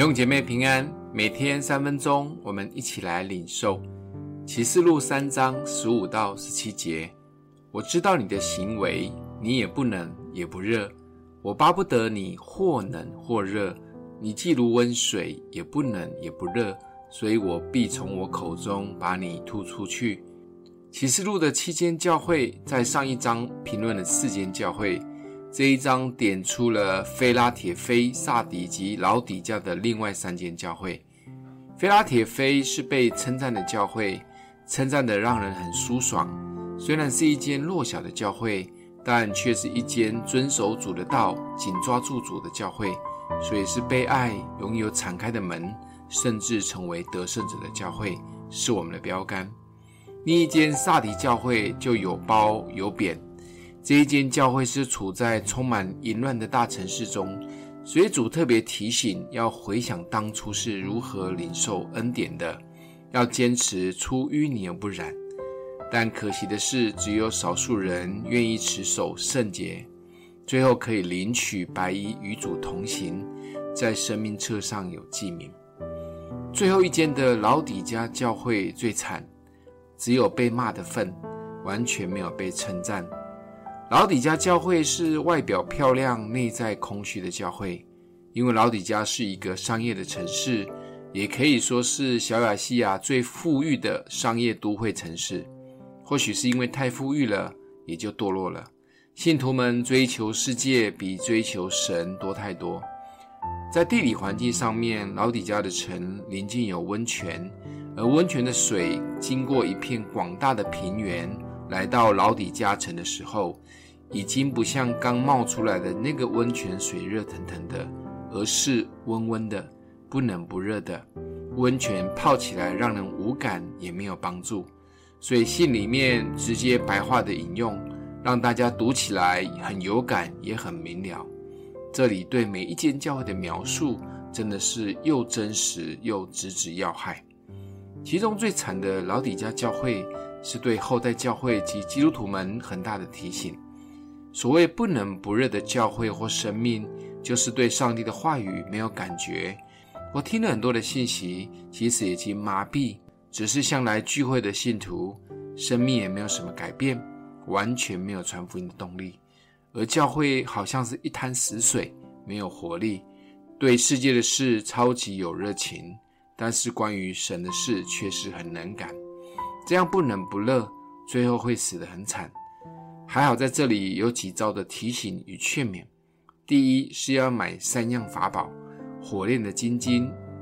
弟兄姐妹平安，每天三分鐘，我們一起來領受《啟示錄》三章十五到十七節。我知道你的行為，你也不冷也不熱。我巴不得你或冷或熱，你既如溫水，也不冷也不熱，所以我必從我口中把你吐出去。《啟示錄》的七間教會，在上一章評論了四間教會。這一章點出了非拉鐵非、撒狄及老底嘉的另外三間教會。非拉鐵非是被稱讚的教會，稱讚的讓人很舒爽。雖然是一間弱小的教會，但卻是一間遵守主的道、緊抓住主的教會，所以是被愛、擁有敞開的門，甚至成為得勝者的教會，是我們的標杆。另一間撒狄教會就有褒有貶。這一間教會是處在充滿淫亂的大城市中，所以主特別提醒要回想當初是如何領受恩典的，要堅持出淤泥而不染。但可惜的是，只有少數人願意持守聖潔，最後可以領取白衣與主同行，在生命冊上有記名。最後一間的老底嘉教會最慘，只有被罵的份，完全沒有被稱讚。老底嘉教會是外表漂亮、內在空虛的教會，因為老底嘉是一個商業的城市，也可以說是小亞細亞最富裕的商業都會城市。或許是因為太富裕了，也就墮落了。信徒們追求世界比追求神多太多。在地理環境上面，老底嘉的城鄰近有溫泉，而溫泉的水經過一片廣大的平原。來到老底嘉城的時候，已經不像剛冒出來的那個溫泉水熱騰騰的，而是溫溫的、不冷不熱的。溫泉泡起來讓人無感，也沒有幫助。所以信裡面直接白話的引用，讓大家讀起來很有感，也很明了。這裡對每一間教會的描述，真的是又真實又直指要害。其中最慘的老底嘉教會。是對後代教會及基督徒們很大的提醒。所謂“不冷不熱”的教會或生命，就是對上帝的話語沒有感覺。我聽了很多的信息，其實已經麻痹，只是向來聚會的信徒，生命也沒有什麼改變，完全沒有傳福音的動力。而教會好像是一灘死水，沒有活力。對世界的事超級有熱情，但是關於神的事卻是很冷感。這樣不冷不熱，最後會死得很慘。還好在這裡有幾招的提醒與勸勉。第一是要買三樣法寶：火煉的金子、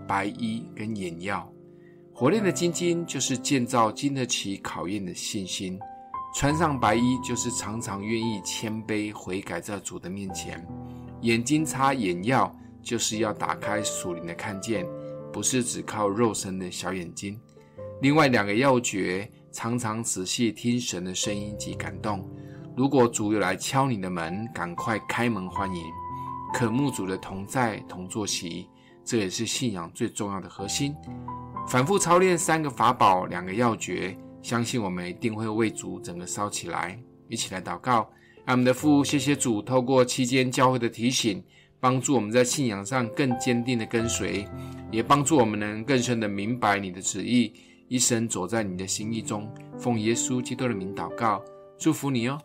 白衣跟眼藥。火煉的金子就是建造經得起考驗的信心；穿上白衣就是常常願意謙卑悔，悔改在主的面前；眼睛擦眼藥就是要打開屬靈的看見，不是只靠肉身的小眼睛。另外兩個要訣，常常仔細聽神的聲音及感動。如果主有來敲你的門，趕快開門歡迎。渴慕主的同在同坐席，這也是信仰最重要的核心。反覆操練三個法寶，兩個要訣，相信我們一定會為主整個燒起來。一起來禱告，愛我們的父，謝謝主，透過七間教會的提醒，幫助我們在信仰上更堅定的跟隨，也幫助我們能更深的明白你的旨意。一生走在你的心意中，奉耶穌基督的名禱告，祝福你哦。